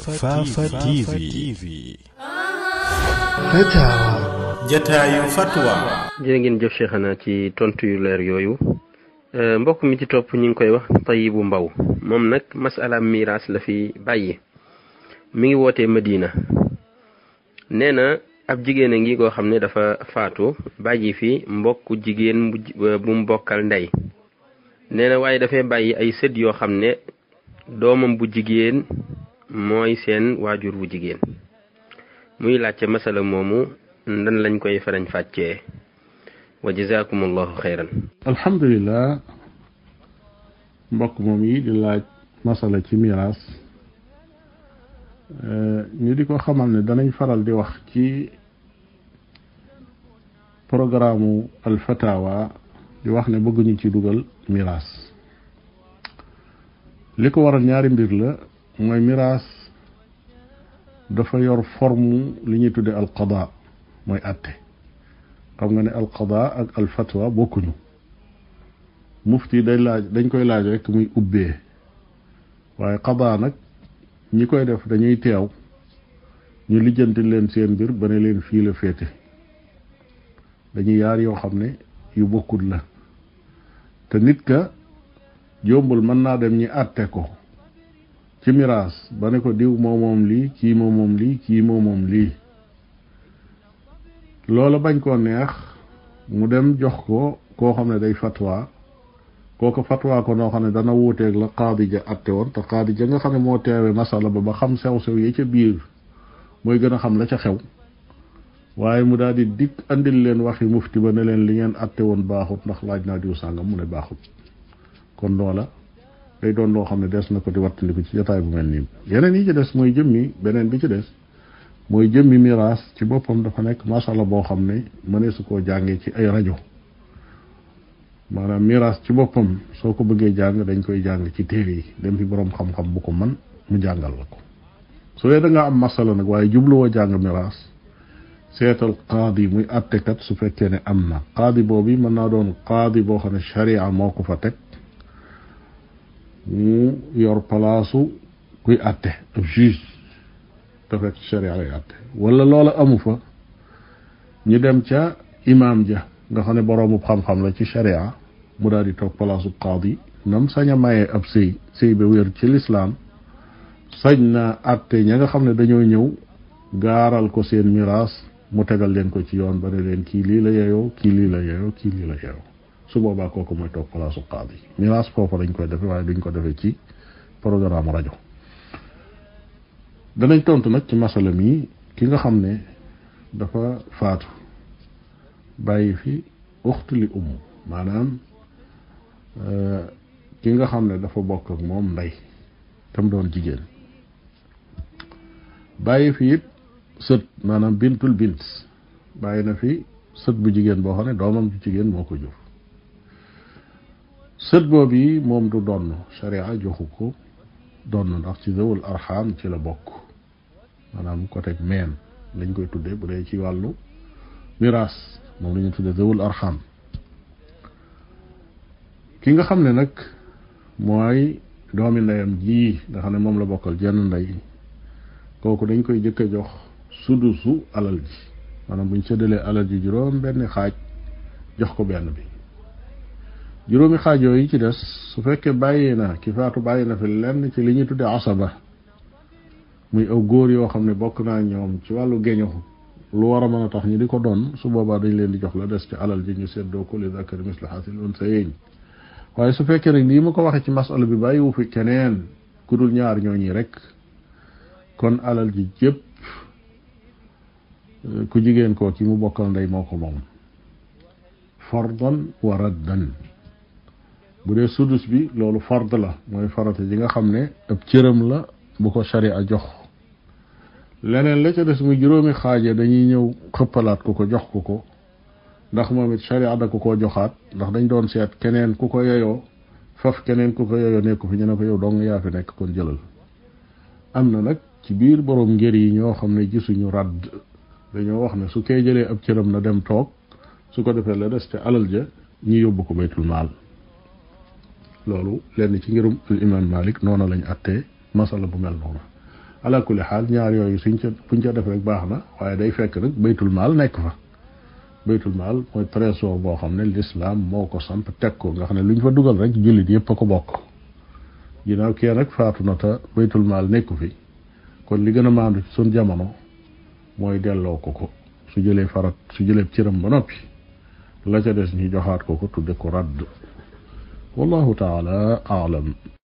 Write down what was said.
Fafa fatwa jërë ngeen jëf Cheikhana ci tontu leer yooyu euh, mbokk mi ci topp ñu ngi koy wax bu Mbaw moom nag masala miraas la fi bàyyi mi ngi wootee Madina nee na ab jigéen a ngi koo xam ne dafa faatu bàyyi fi mbokk jigéen euh, bu mu bokkal ndey nee waaye dafay bàyyi ay sët yoo xam ne doomam bu jigéen mooy seen waajur wu jigéen muy laajte masala moomu nan lañ koy farañ fàccee wa jazakumullahu xayran alhamdulilah mbokk moom yi di laaj masala ci miraas eh, ñu di ko xamal ne danañ faral di wax ci programme alfatawa di wax ne bëgguñu ci dugal miraas li ko waral ñaari mbir la mooy miraas dafa yor forme li ñuy tuddee alqada mooy atte xam nga ne alqada ak alfatwa bokkuñu mufti day laaj dañ koy laaj rekk muy ubbee waaye qada nag ñi koy def dañuy teew ñu lijjanti leen seen mbir ba ne leen fii la féete dañuy yaar yoo xam ne yu bokkut la te nit ka jombul mën naa dem ñi àtte ko ci miraas ba ne ko diw moo moom lii kii moo moom lii kii moo moom lii loola bañ koo neex mu dem jox ko koo xam ne day fatwa kooku fatwa ko noo xam ne dana wuuteeg la qaadi ja atte woon te qaadi nga xam ne moo teewe masala ba ba xam sew-sew yi ca biir mooy gën a xam la ca xew waaye mu daal di dikk andil leen waxi mufti ba ne leen li ngeen atte woon baaxut ndax laaj naa diw sàngam mu ne baaxut kon loola day doon loo xam ne des na ko di ko ci jotaay bu mel nii yeneen yi ci des mooy jëmmi beneen bi ci des mooy jëmmi miraas ci boppam dafa nekk masala boo xam ne mënee su koo jàngee ci ay rajo maanaam miraas ci boppam soo ko bëggee jàng dañ koy jàng ci téere yi dem fi boroom xam-xam bu ko man mu jàngal la ko su dee da am masala nag waaye jubluwoo jàng miraas seetal qaadi muy attekat su fekkee ne am na qaadi boobu yi mën naa doon qaadi boo xam ne sharia moo ko fa teg mu yor palaasu kuy àtte ab juge te fekk sharia lay àtte wala loola amu fa ñu dem ca imaam ja nga xam ne boroomu xam-xam la ci sharia mu daal di toog palaasu qaadi nam sañ a mayee ab sëy sëy ba wér ci lislaam sañ naa àtte ña nga xam ne dañoo ñëw gaaral ko seen miraas mu tegal leen ko ci yoon ba ne leen kii lii la yeyoo kii lii la yeyoo kii su boobaa kooku mooy toog palaasu qaadi miraas foofu lañ koy defee waaye duñ ko defee ci programme rajo danañ tontu nag ci masala mi ki nga xam ne dafa faatu bàyyi fi uxtu li umm maanaam eh, ki nga xam ne dafa bokk ak moom ndey tam doon jigéen bàyyi fi it sët maanaam bintul bint bàyyi na fi sët bu jigéen boo xam ne doomam ju jigéen moo ko jur sët boobu yi moom du donn sharia joxu ko donn ndax ci zawul arxam ci la bokk maanaam côté meen dañ koy tuddee bu dee ci wàllu miraas moom la ñuy tuddee zawul arxam ki nga xam ne nag mooy doomi ndeyam ji nga xam ne moom la bokkal jenn ndey kooku dañ koy jëkk a jox sudusu alal ji maanaam buñ séddalee alal ji juróom benn xaaj jox ko benn bi juróomi xaaj yooyu ci des su fekkee bàyyi na ki faatu bàyyi na fi lenn ci li ñu tuddee asaba muy aw góor yoo xam ne bokk naa ñoom ci wàllu geño lu war a mën a tax ñu di ko doon su boobaa dañ leen di jox la des ci alal ji ñu seddoo ko li zakari mislu xaasil unsayeyn waaye su fekkee nag nii ma ko waxee ci masala bi bàyyiwu fi keneen ku dul ñaar ñooñi rek kon alal ji jëpp eh, ku jigéen koo ki mu bokkal ndey moo ko moom fardan wa raddan bu dee sudus bi loolu fard la mooy farata ji nga xam ne ab cëram la bu ko a jox leneen la ca des muy juróomi xaaje dañuy ñëw xëppalaat ku ko jox ku ko ndax moom it sharia da ko koo joxaat ndax dañ doon seet keneen ku ko yoyoo faf keneen ku ko yoyoo nekku fi ñu ne ko yow dong yaa fi nekk kon jëlal am na nag ci biir borom ngër yi ñoo xam ne gisuñu ràdd dañoo wax ne su koy jëlee ab cëram na dem toog su ko defee la des te alal ja ñu yóbbu ko baytul maal loolu lenn ci ngirum al imam malik noona lañ attee masala bu mel noonu ala kulli xaal ñaar yooyu suñ ca buñ ca def rek baax na waaye day fekk nag baytul maal nekk fa baytul maal mooy trésor boo xam ne l'islam moo ko samp teg ko nga xam ne luñ fa dugal rek jullit yëpp a ko bokk ginnaaw kee nag faatu na te baytul maal nekku fi kon li gën a maandu ci suñ jamono mooy delloo ko ko su jëlee farat su jëlee ciram ba noppi la ca des ñu joxaat ko ko tudde ko radd والله تعالى أعلم